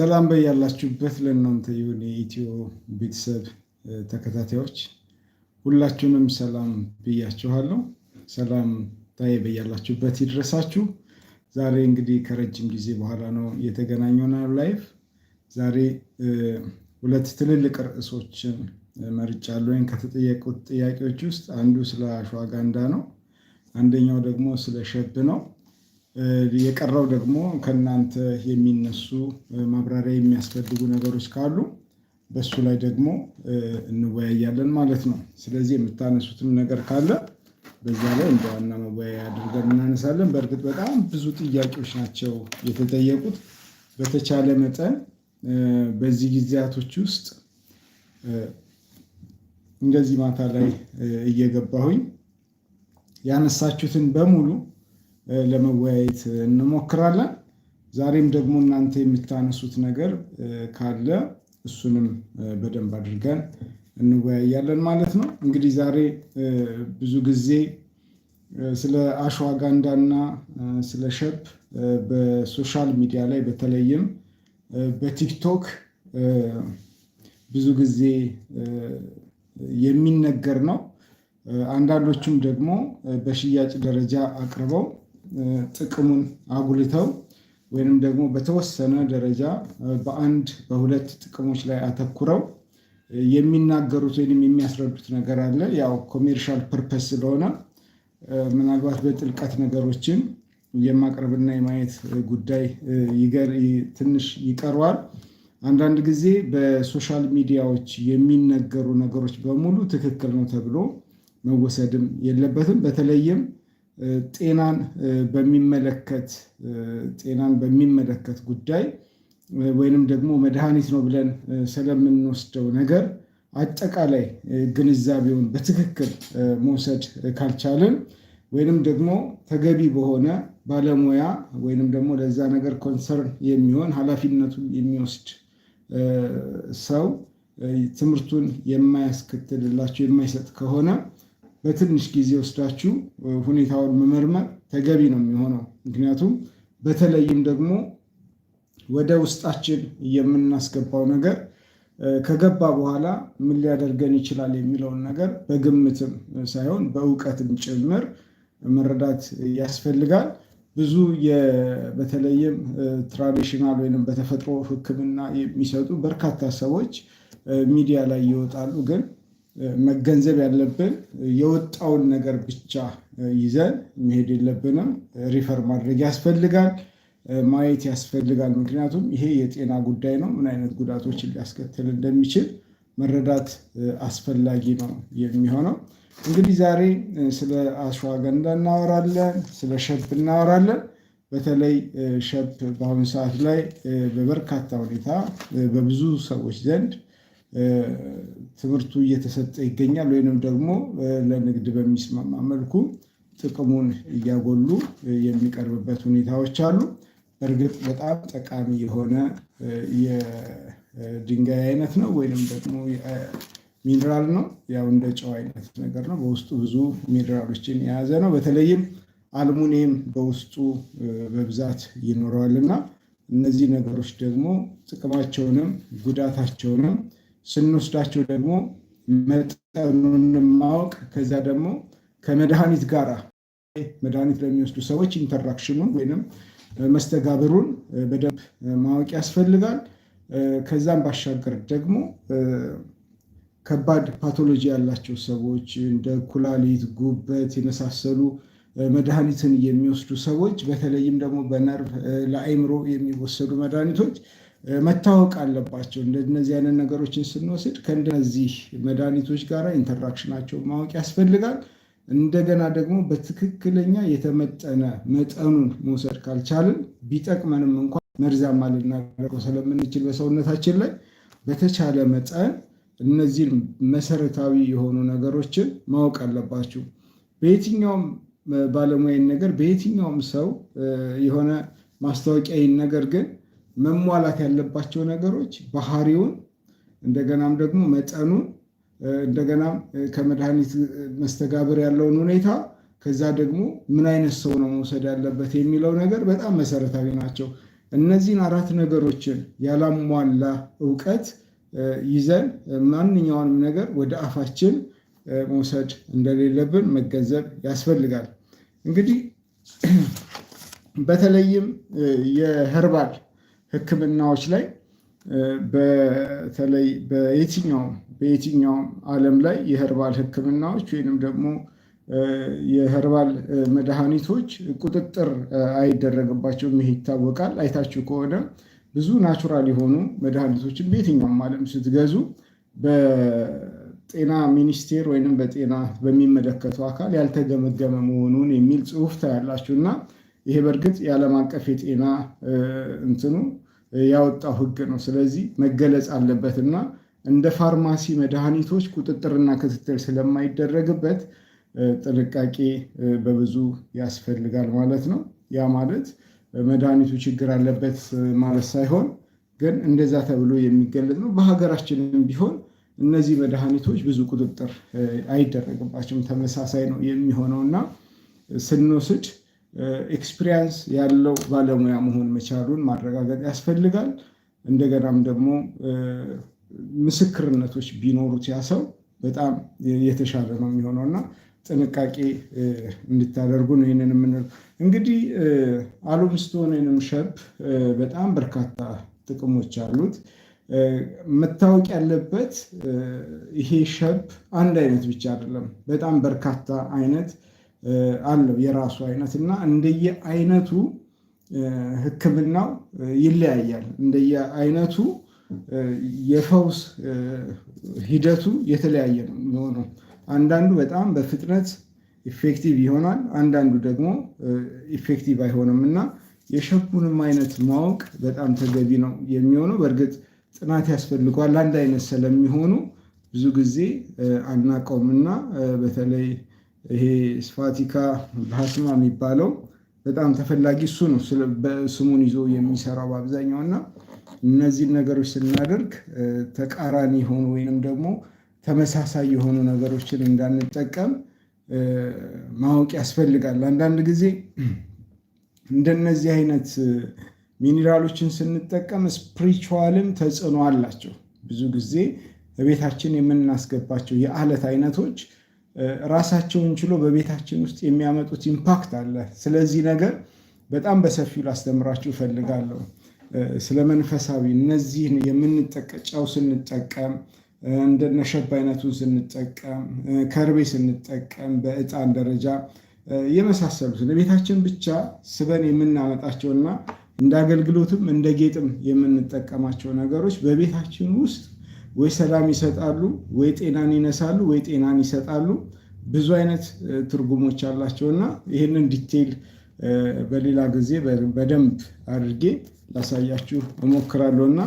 ሰላም በያላችሁበት ለእናንተ ይሁን። የኢትዮ ቤተሰብ ተከታታዮች ሁላችሁንም ሰላም ብያችኋለሁ። ሰላም ታዬ በያላችሁበት ይድረሳችሁ። ዛሬ እንግዲህ ከረጅም ጊዜ በኋላ ነው የተገናኘነው ላይፍ። ዛሬ ሁለት ትልልቅ ርዕሶችን መርጫለሁ። ወይም ከተጠየቁት ጥያቄዎች ውስጥ አንዱ ስለ አሸዋጋንዳ ነው፣ አንደኛው ደግሞ ስለ ሸብ ነው። የቀረው ደግሞ ከእናንተ የሚነሱ ማብራሪያ የሚያስፈልጉ ነገሮች ካሉ በሱ ላይ ደግሞ እንወያያለን ማለት ነው። ስለዚህ የምታነሱትም ነገር ካለ በዛ ላይ እንደ ዋና መወያያ አድርገን እናነሳለን። በእርግጥ በጣም ብዙ ጥያቄዎች ናቸው የተጠየቁት። በተቻለ መጠን በዚህ ጊዜያቶች ውስጥ እንደዚህ ማታ ላይ እየገባሁኝ ያነሳችሁትን በሙሉ ለመወያየት እንሞክራለን። ዛሬም ደግሞ እናንተ የምታነሱት ነገር ካለ እሱንም በደንብ አድርገን እንወያያለን ማለት ነው። እንግዲህ ዛሬ ብዙ ጊዜ ስለ አሽዋጋንዳና ስለ ሸፕ በሶሻል ሚዲያ ላይ በተለይም በቲክቶክ ብዙ ጊዜ የሚነገር ነው። አንዳንዶቹም ደግሞ በሽያጭ ደረጃ አቅርበው ጥቅሙን አጉልተው ወይንም ደግሞ በተወሰነ ደረጃ በአንድ በሁለት ጥቅሞች ላይ አተኩረው የሚናገሩት ወይም የሚያስረዱት ነገር አለ። ያው ኮሜርሻል ፐርፐስ ስለሆነ ምናልባት በጥልቀት ነገሮችን የማቅረብና የማየት ጉዳይ ትንሽ ይቀረዋል። አንዳንድ ጊዜ በሶሻል ሚዲያዎች የሚነገሩ ነገሮች በሙሉ ትክክል ነው ተብሎ መወሰድም የለበትም። በተለይም ጤናን በሚመለከት ጤናን በሚመለከት ጉዳይ ወይንም ደግሞ መድኃኒት ነው ብለን ስለምንወስደው ነገር አጠቃላይ ግንዛቤውን በትክክል መውሰድ ካልቻልን ወይንም ደግሞ ተገቢ በሆነ ባለሙያ ወይንም ደግሞ ለዛ ነገር ኮንሰርን የሚሆን ኃላፊነቱን የሚወስድ ሰው ትምህርቱን የማያስከትልላቸው የማይሰጥ ከሆነ በትንሽ ጊዜ ወስዳችሁ ሁኔታውን መመርመር ተገቢ ነው የሚሆነው። ምክንያቱም በተለይም ደግሞ ወደ ውስጣችን የምናስገባው ነገር ከገባ በኋላ ምን ሊያደርገን ይችላል የሚለውን ነገር በግምትም ሳይሆን በእውቀትም ጭምር መረዳት ያስፈልጋል። ብዙ በተለይም ትራዲሽናል ወይም በተፈጥሮ ሕክምና የሚሰጡ በርካታ ሰዎች ሚዲያ ላይ ይወጣሉ ግን መገንዘብ ያለብን የወጣውን ነገር ብቻ ይዘን መሄድ የለብንም። ሪፈር ማድረግ ያስፈልጋል፣ ማየት ያስፈልጋል። ምክንያቱም ይሄ የጤና ጉዳይ ነው። ምን አይነት ጉዳቶችን ሊያስከትል እንደሚችል መረዳት አስፈላጊ ነው የሚሆነው። እንግዲህ ዛሬ ስለ አሽዋገንዳ እናወራለን፣ ስለ ሸብ እናወራለን። በተለይ ሸብ በአሁኑ ሰዓት ላይ በበርካታ ሁኔታ በብዙ ሰዎች ዘንድ ትምህርቱ እየተሰጠ ይገኛል። ወይንም ደግሞ ለንግድ በሚስማማ መልኩ ጥቅሙን እያጎሉ የሚቀርብበት ሁኔታዎች አሉ። እርግጥ በጣም ጠቃሚ የሆነ የድንጋይ አይነት ነው ወይንም ደግሞ ሚኒራል ነው። ያው እንደ ጨው አይነት ነገር ነው። በውስጡ ብዙ ሚኒራሎችን የያዘ ነው። በተለይም አልሙኒየም በውስጡ በብዛት ይኖረዋል እና እነዚህ ነገሮች ደግሞ ጥቅማቸውንም ጉዳታቸውንም ስንወስዳቸው ደግሞ መጠኑን ማወቅ ከዛ ደግሞ ከመድኃኒት ጋር መድኃኒት ለሚወስዱ ሰዎች ኢንተራክሽኑን ወይም መስተጋብሩን በደንብ ማወቅ ያስፈልጋል። ከዛም ባሻገር ደግሞ ከባድ ፓቶሎጂ ያላቸው ሰዎች እንደ ኩላሊት፣ ጉበት የመሳሰሉ መድኃኒትን የሚወስዱ ሰዎች በተለይም ደግሞ በነርቭ ለአይምሮ የሚወሰዱ መድኃኒቶች መታወቅ አለባቸው። እንደነዚህ አይነት ነገሮችን ስንወስድ ከእንደነዚህ መድኃኒቶች ጋር ኢንተራክሽናቸው ማወቅ ያስፈልጋል። እንደገና ደግሞ በትክክለኛ የተመጠነ መጠኑን መውሰድ ካልቻልን ቢጠቅመንም እንኳን መርዛማ ልናደርገው ስለምንችል በሰውነታችን ላይ በተቻለ መጠን እነዚህን መሰረታዊ የሆኑ ነገሮችን ማወቅ አለባችሁ። በየትኛውም ባለሙያን ነገር በየትኛውም ሰው የሆነ ማስታወቂያይን ነገር ግን መሟላት ያለባቸው ነገሮች ባህሪውን፣ እንደገናም ደግሞ መጠኑን፣ እንደገናም ከመድኃኒት መስተጋብር ያለውን ሁኔታ ከዛ ደግሞ ምን አይነት ሰው ነው መውሰድ ያለበት የሚለው ነገር በጣም መሰረታዊ ናቸው። እነዚህን አራት ነገሮችን ያላሟላ እውቀት ይዘን ማንኛውንም ነገር ወደ አፋችን መውሰድ እንደሌለብን መገንዘብ ያስፈልጋል። እንግዲህ በተለይም የህርባል ህክምናዎች ላይ በተለይ በየትኛው በየትኛው ዓለም ላይ የኸርባል ህክምናዎች ወይንም ደግሞ የኸርባል መድኃኒቶች ቁጥጥር አይደረግባቸውም። ይሄ ይታወቃል። አይታችሁ ከሆነ ብዙ ናቹራል የሆኑ መድኃኒቶችን በየትኛውም ዓለም ስትገዙ በጤና ሚኒስቴር ወይንም በጤና በሚመለከተው አካል ያልተገመገመ መሆኑን የሚል ጽሁፍ ታያላችሁ እና ይሄ በእርግጥ የዓለም አቀፍ የጤና እንትኑ ያወጣው ህግ ነው። ስለዚህ መገለጽ አለበት እና እንደ ፋርማሲ መድኃኒቶች ቁጥጥርና ክትትል ስለማይደረግበት ጥንቃቄ በብዙ ያስፈልጋል ማለት ነው። ያ ማለት መድኃኒቱ ችግር አለበት ማለት ሳይሆን ግን እንደዛ ተብሎ የሚገለጽ ነው። በሀገራችንም ቢሆን እነዚህ መድኃኒቶች ብዙ ቁጥጥር አይደረግባቸውም። ተመሳሳይ ነው የሚሆነው እና ስንወስድ ኤክስፒሪያንስ ያለው ባለሙያ መሆን መቻሉን ማረጋገጥ ያስፈልጋል። እንደገናም ደግሞ ምስክርነቶች ቢኖሩት ያ ሰው በጣም የተሻለ ነው የሚሆነው እና ጥንቃቄ እንድታደርጉ ነው ይህንን የምንለው። እንግዲህ አሎም ስቶን ወይም ሸብ በጣም በርካታ ጥቅሞች አሉት። መታወቅ ያለበት ይሄ ሸብ አንድ አይነት ብቻ አይደለም፣ በጣም በርካታ አይነት አለው የራሱ አይነት እና እንደየ አይነቱ ህክምናው ይለያያል። እንደየ አይነቱ የፈውስ ሂደቱ የተለያየ ነው አንዳንዱ በጣም በፍጥነት ኢፌክቲቭ ይሆናል፣ አንዳንዱ ደግሞ ኢፌክቲቭ አይሆንም እና የሸኩንም አይነት ማወቅ በጣም ተገቢ ነው የሚሆነው። በእርግጥ ጥናት ያስፈልገዋል። አንድ አይነት ስለሚሆኑ ብዙ ጊዜ አናቀውምና በተለይ ይሄ ስፋቲካ ሀስማ የሚባለው በጣም ተፈላጊ እሱ ነው። ስሙን ይዞ የሚሰራው በአብዛኛው እና እነዚህን ነገሮች ስናደርግ ተቃራኒ የሆኑ ወይንም ደግሞ ተመሳሳይ የሆኑ ነገሮችን እንዳንጠቀም ማወቅ ያስፈልጋል። አንዳንድ ጊዜ እንደነዚህ አይነት ሚኒራሎችን ስንጠቀም ስፕሪቹዋልም ተጽዕኖ አላቸው። ብዙ ጊዜ በቤታችን የምናስገባቸው የአለት አይነቶች ራሳቸውን ችሎ በቤታችን ውስጥ የሚያመጡት ኢምፓክት አለ። ስለዚህ ነገር በጣም በሰፊው ላስተምራችሁ እፈልጋለሁ። ስለ መንፈሳዊ እነዚህን የምንጠቀጫው ስንጠቀም እንደነ ሸብ አይነቱን ስንጠቀም ከርቤ ስንጠቀም በእጣን ደረጃ የመሳሰሉት ቤታችን ብቻ ስበን የምናመጣቸውና እንደ አገልግሎትም እንደ ጌጥም የምንጠቀማቸው ነገሮች በቤታችን ውስጥ ወይ ሰላም ይሰጣሉ፣ ወይ ጤናን ይነሳሉ፣ ወይ ጤናን ይሰጣሉ። ብዙ አይነት ትርጉሞች አላቸው እና ይህንን ዲቴይል በሌላ ጊዜ በደንብ አድርጌ ላሳያችሁ እሞክራለሁ እና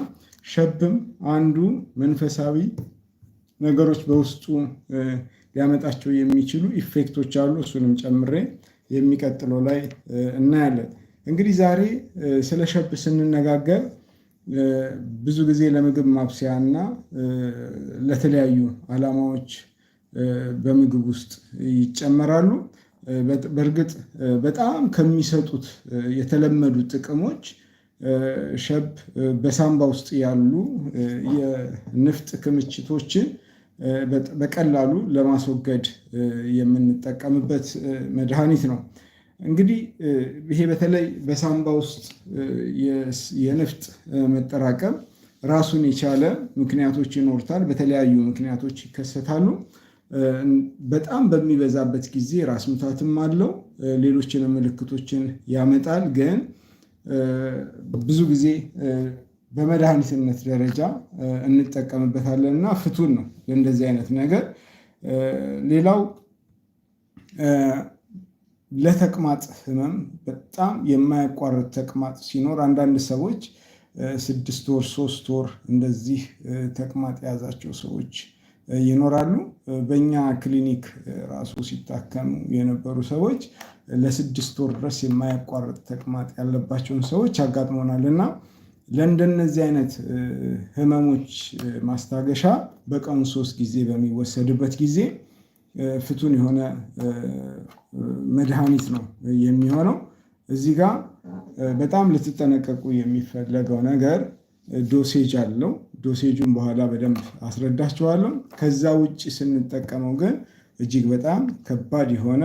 ሸብም አንዱ መንፈሳዊ ነገሮች በውስጡ ሊያመጣቸው የሚችሉ ኢፌክቶች አሉ። እሱንም ጨምሬ የሚቀጥለው ላይ እናያለን። እንግዲህ ዛሬ ስለ ሸብ ስንነጋገር ብዙ ጊዜ ለምግብ ማብሰያ እና ለተለያዩ ዓላማዎች በምግብ ውስጥ ይጨመራሉ። በእርግጥ በጣም ከሚሰጡት የተለመዱ ጥቅሞች ሸብ በሳምባ ውስጥ ያሉ የንፍጥ ክምችቶችን በቀላሉ ለማስወገድ የምንጠቀምበት መድኃኒት ነው። እንግዲህ ይሄ በተለይ በሳምባ ውስጥ የንፍጥ መጠራቀም ራሱን የቻለ ምክንያቶች ይኖርታል። በተለያዩ ምክንያቶች ይከሰታሉ። በጣም በሚበዛበት ጊዜ ራስ ምታትም አለው፣ ሌሎችንም ምልክቶችን ያመጣል። ግን ብዙ ጊዜ በመድኃኒትነት ደረጃ እንጠቀምበታለን እና ፍቱን ነው ለእንደዚህ አይነት ነገር። ሌላው ለተቅማጥ ህመም በጣም የማያቋርጥ ተቅማጥ ሲኖር አንዳንድ ሰዎች ስድስት ወር ሶስት ወር እንደዚህ ተቅማጥ የያዛቸው ሰዎች ይኖራሉ። በእኛ ክሊኒክ ራሱ ሲታከሙ የነበሩ ሰዎች ለስድስት ወር ድረስ የማያቋርጥ ተቅማጥ ያለባቸውን ሰዎች አጋጥሞናል እና ለእንደነዚህ አይነት ህመሞች ማስታገሻ በቀኑ ሶስት ጊዜ በሚወሰድበት ጊዜ ፍቱን የሆነ መድኃኒት ነው የሚሆነው። እዚህ ጋር በጣም ልትጠነቀቁ የሚፈለገው ነገር ዶሴጅ አለው። ዶሴጁን በኋላ በደንብ አስረዳችኋለሁ። ከዛ ውጭ ስንጠቀመው ግን እጅግ በጣም ከባድ የሆነ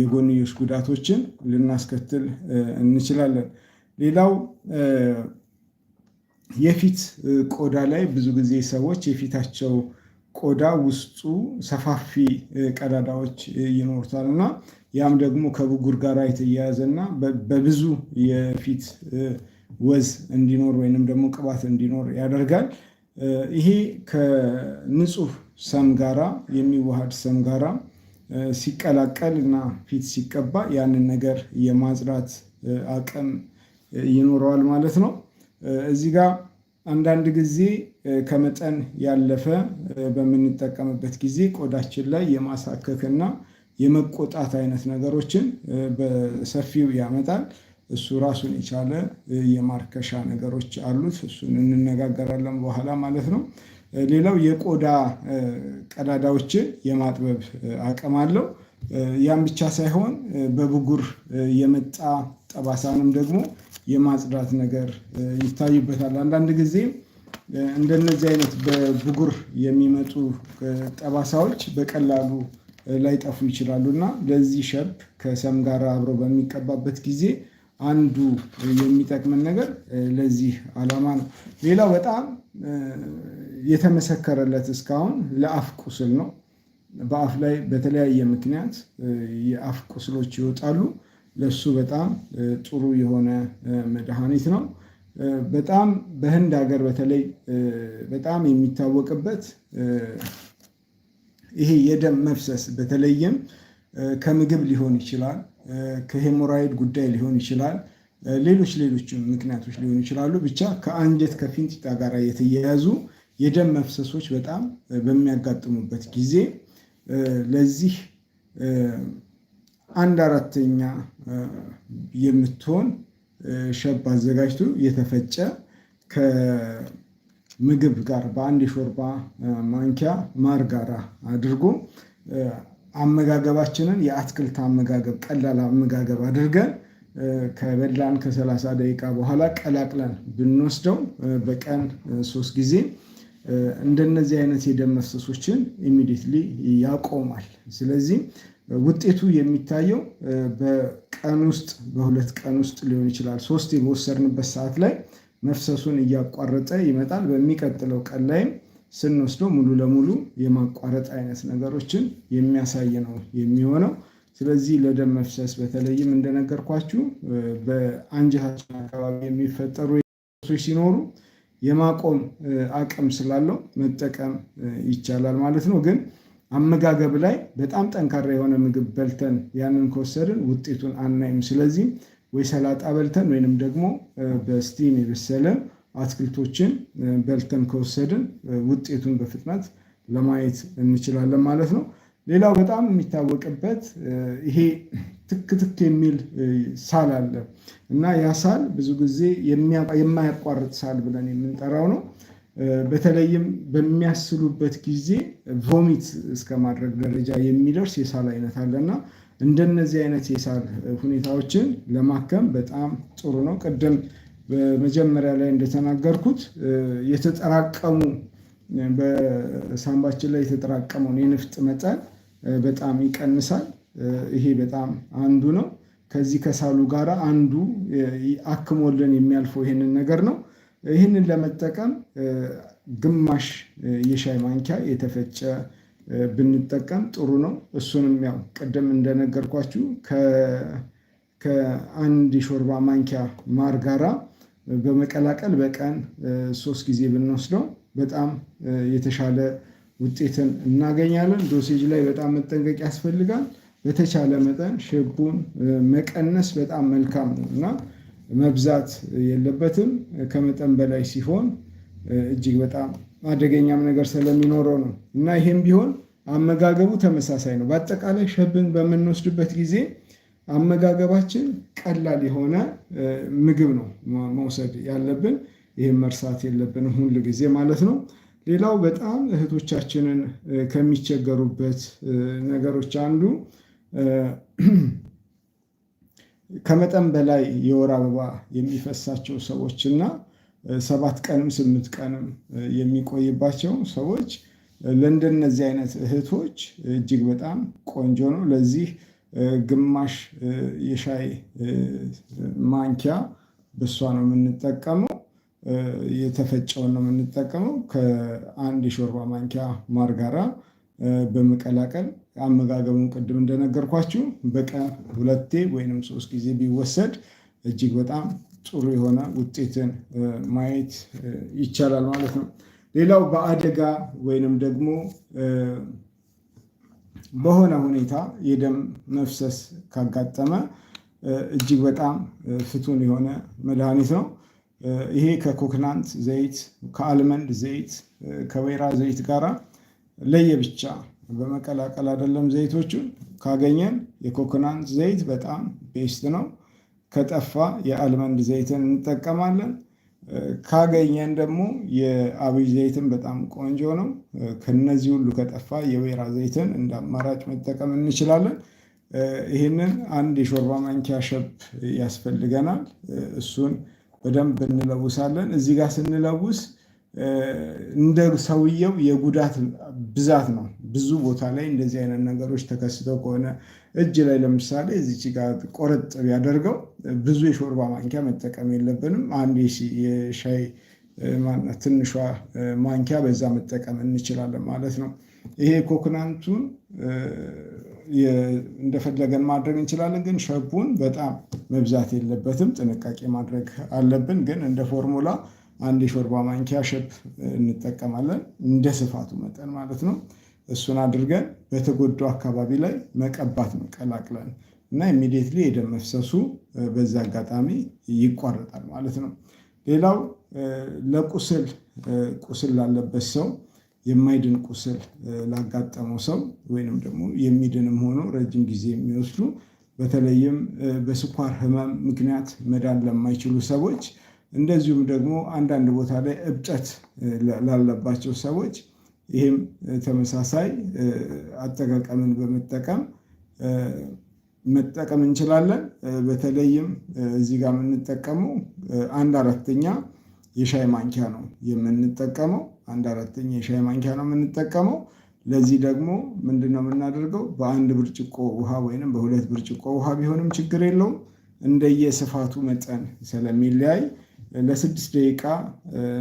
የጎንዮሽ ጉዳቶችን ልናስከትል እንችላለን። ሌላው የፊት ቆዳ ላይ ብዙ ጊዜ ሰዎች የፊታቸው ቆዳ ውስጡ ሰፋፊ ቀዳዳዎች ይኖሩታል እና ያም ደግሞ ከብጉር ጋር የተያያዘ እና በብዙ የፊት ወዝ እንዲኖር ወይንም ደግሞ ቅባት እንዲኖር ያደርጋል። ይሄ ከንጹህ ሰም ጋራ የሚዋሃድ ሰም ጋራ ሲቀላቀል እና ፊት ሲቀባ ያንን ነገር የማጽዳት አቅም ይኖረዋል ማለት ነው። እዚህ ጋር አንዳንድ ጊዜ ከመጠን ያለፈ በምንጠቀምበት ጊዜ ቆዳችን ላይ የማሳከክና የመቆጣት አይነት ነገሮችን በሰፊው ያመጣል። እሱ ራሱን የቻለ የማርከሻ ነገሮች አሉት። እሱን እንነጋገራለን በኋላ ማለት ነው። ሌላው የቆዳ ቀዳዳዎችን የማጥበብ አቅም አለው። ያም ብቻ ሳይሆን በብጉር የመጣ ጠባሳንም ደግሞ የማጽዳት ነገር ይታይበታል። አንዳንድ ጊዜ እንደነዚህ አይነት በብጉር የሚመጡ ጠባሳዎች በቀላሉ ላይጠፉ ይችላሉ እና ለዚህ ሸብ ከሰም ጋር አብሮ በሚቀባበት ጊዜ አንዱ የሚጠቅምን ነገር ለዚህ ዓላማ ነው። ሌላው በጣም የተመሰከረለት እስካሁን ለአፍ ቁስል ነው። በአፍ ላይ በተለያየ ምክንያት የአፍ ቁስሎች ይወጣሉ። ለሱ በጣም ጥሩ የሆነ መድኃኒት ነው። በጣም በህንድ ሀገር በተለይ በጣም የሚታወቅበት ይሄ የደም መፍሰስ በተለይም ከምግብ ሊሆን ይችላል፣ ከሄሞራይድ ጉዳይ ሊሆን ይችላል፣ ሌሎች ሌሎችም ምክንያቶች ሊሆኑ ይችላሉ። ብቻ ከአንጀት ከፊንጢጣ ጋር የተያያዙ የደም መፍሰሶች በጣም በሚያጋጥሙበት ጊዜ ለዚህ አንድ አራተኛ የምትሆን ሸብ አዘጋጅቶ የተፈጨ ከምግብ ጋር በአንድ የሾርባ ማንኪያ ማር ጋራ አድርጎ አመጋገባችንን የአትክልት አመጋገብ ቀላል አመጋገብ አድርገን ከበላን ከ30 ደቂቃ በኋላ ቀላቅለን ብንወስደው በቀን ሶስት ጊዜ እንደነዚህ አይነት የደም መፍሰሶችን ኢሚዲየትሊ ያቆማል። ስለዚህ ውጤቱ የሚታየው በቀን ውስጥ በሁለት ቀን ውስጥ ሊሆን ይችላል። ሶስት በወሰድንበት ሰዓት ላይ መፍሰሱን እያቋረጠ ይመጣል። በሚቀጥለው ቀን ላይም ስንወስደው ሙሉ ለሙሉ የማቋረጥ አይነት ነገሮችን የሚያሳይ ነው የሚሆነው። ስለዚህ ለደም መፍሰስ በተለይም እንደነገርኳችሁ በአንጀታችን አካባቢ የሚፈጠሩ ሶች ሲኖሩ የማቆም አቅም ስላለው መጠቀም ይቻላል ማለት ነው ግን አመጋገብ ላይ በጣም ጠንካራ የሆነ ምግብ በልተን ያንን ከወሰድን ውጤቱን አናይም። ስለዚህ ወይ ሰላጣ በልተን ወይንም ደግሞ በስቲም የበሰለ አትክልቶችን በልተን ከወሰድን ውጤቱን በፍጥነት ለማየት እንችላለን ማለት ነው። ሌላው በጣም የሚታወቅበት ይሄ ትክ ትክ የሚል ሳል አለ እና ያ ሳል ብዙ ጊዜ የማያቋርጥ ሳል ብለን የምንጠራው ነው። በተለይም በሚያስሉበት ጊዜ ቮሚት እስከ ማድረግ ደረጃ የሚደርስ የሳል አይነት አለና እንደነዚህ አይነት የሳል ሁኔታዎችን ለማከም በጣም ጥሩ ነው። ቅድም በመጀመሪያ ላይ እንደተናገርኩት የተጠራቀሙ በሳንባችን ላይ የተጠራቀመውን የንፍጥ መጠን በጣም ይቀንሳል። ይሄ በጣም አንዱ ነው። ከዚህ ከሳሉ ጋር አንዱ አክሞልን የሚያልፈው ይሄንን ነገር ነው። ይህንን ለመጠቀም ግማሽ የሻይ ማንኪያ የተፈጨ ብንጠቀም ጥሩ ነው። እሱንም ያው ቅድም እንደነገርኳችሁ ከአንድ የሾርባ ማንኪያ ማር ጋራ በመቀላቀል በቀን ሶስት ጊዜ ብንወስደው በጣም የተሻለ ውጤትን እናገኛለን። ዶሴጅ ላይ በጣም መጠንቀቅ ያስፈልጋል። በተቻለ መጠን ሽቡን መቀነስ በጣም መልካም ነው እና መብዛት የለበትም። ከመጠን በላይ ሲሆን እጅግ በጣም አደገኛም ነገር ስለሚኖረው ነው እና ይሄም ቢሆን አመጋገቡ ተመሳሳይ ነው። በአጠቃላይ ሸብን በምንወስድበት ጊዜ አመጋገባችን ቀላል የሆነ ምግብ ነው መውሰድ ያለብን። ይህም መርሳት የለብንም ሁል ጊዜ ማለት ነው። ሌላው በጣም እህቶቻችንን ከሚቸገሩበት ነገሮች አንዱ ከመጠን በላይ የወር አበባ የሚፈሳቸው ሰዎች እና ሰባት ቀንም ስምንት ቀንም የሚቆይባቸው ሰዎች ለእንደነዚህ አይነት እህቶች እጅግ በጣም ቆንጆ ነው። ለዚህ ግማሽ የሻይ ማንኪያ በሷ ነው የምንጠቀመው። የተፈጨውን ነው የምንጠቀመው ከአንድ የሾርባ ማንኪያ ማር ጋራ በመቀላቀል አመጋገቡን ቅድም እንደነገርኳችሁ በቀን ሁለቴ ወይም ሶስት ጊዜ ቢወሰድ እጅግ በጣም ጥሩ የሆነ ውጤትን ማየት ይቻላል ማለት ነው። ሌላው በአደጋ ወይንም ደግሞ በሆነ ሁኔታ የደም መፍሰስ ካጋጠመ እጅግ በጣም ፍቱን የሆነ መድኃኒት ነው። ይሄ ከኮክናንት ዘይት፣ ከአልመንድ ዘይት፣ ከወይራ ዘይት ጋራ ለየብቻ በመቀላቀል አይደለም ዘይቶቹን ካገኘን የኮኮናት ዘይት በጣም ቤስት ነው። ከጠፋ የአልመንድ ዘይትን እንጠቀማለን። ካገኘን ደግሞ የአብይ ዘይትን በጣም ቆንጆ ነው። ከነዚህ ሁሉ ከጠፋ የወይራ ዘይትን እንደ አማራጭ መጠቀም እንችላለን። ይህንን አንድ የሾርባ ማንኪያ ሸብ ያስፈልገናል። እሱን በደንብ እንለውሳለን። እዚህ ጋር ስንለውስ እንደ ሰውየው የጉዳት ብዛት ነው ብዙ ቦታ ላይ እንደዚህ አይነት ነገሮች ተከስተው ከሆነ እጅ ላይ ለምሳሌ እዚች ጋር ቆረጥ ቢያደርገው ብዙ የሾርባ ማንኪያ መጠቀም የለብንም። አንድ የሻይ ትንሿ ማንኪያ በዛ መጠቀም እንችላለን ማለት ነው። ይሄ ኮክናንቱን እንደፈለገን ማድረግ እንችላለን፣ ግን ሸቡን በጣም መብዛት የለበትም። ጥንቃቄ ማድረግ አለብን። ግን እንደ ፎርሙላ አንድ የሾርባ ማንኪያ ሸብ እንጠቀማለን፣ እንደ ስፋቱ መጠን ማለት ነው። እሱን አድርገን በተጎዱ አካባቢ ላይ መቀባት ነው ቀላቅለን እና ኢሚዲየትሊ የደም መፍሰሱ በዚህ አጋጣሚ ይቋረጣል ማለት ነው። ሌላው ለቁስል ቁስል ላለበት ሰው የማይድን ቁስል ላጋጠመው ሰው ወይንም ደግሞ የሚድንም ሆኖ ረጅም ጊዜ የሚወስዱ በተለይም በስኳር ህመም ምክንያት መዳን ለማይችሉ ሰዎች እንደዚሁም ደግሞ አንዳንድ ቦታ ላይ እብጠት ላለባቸው ሰዎች ይህም ተመሳሳይ አጠቃቀምን በመጠቀም መጠቀም እንችላለን። በተለይም እዚህ ጋር የምንጠቀመው አንድ አራተኛ የሻይ ማንኪያ ነው የምንጠቀመው። አንድ አራተኛ የሻይ ማንኪያ ነው የምንጠቀመው። ለዚህ ደግሞ ምንድን ነው የምናደርገው? በአንድ ብርጭቆ ውሃ ወይንም በሁለት ብርጭቆ ውሃ ቢሆንም ችግር የለውም። እንደየ ስፋቱ መጠን ስለሚለያይ ለስድስት ደቂቃ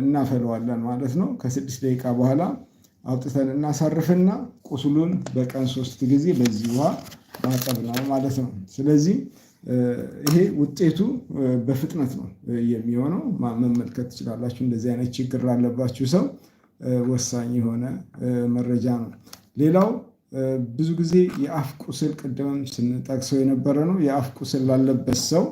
እናፈለዋለን ማለት ነው። ከስድስት ደቂቃ በኋላ አውጥተን እናሳርፍና ቁስሉን በቀን ሶስት ጊዜ በዚህ ውሃ ማጠብ ነው ማለት ነው። ስለዚህ ይሄ ውጤቱ በፍጥነት ነው የሚሆነው። መመልከት ትችላላችሁ። እንደዚህ አይነት ችግር ላለባችሁ ሰው ወሳኝ የሆነ መረጃ ነው። ሌላው ብዙ ጊዜ የአፍ ቁስል ቅድምም ስንጠቅሰው የነበረ ነው። የአፍ ቁስል ላለበት ሰው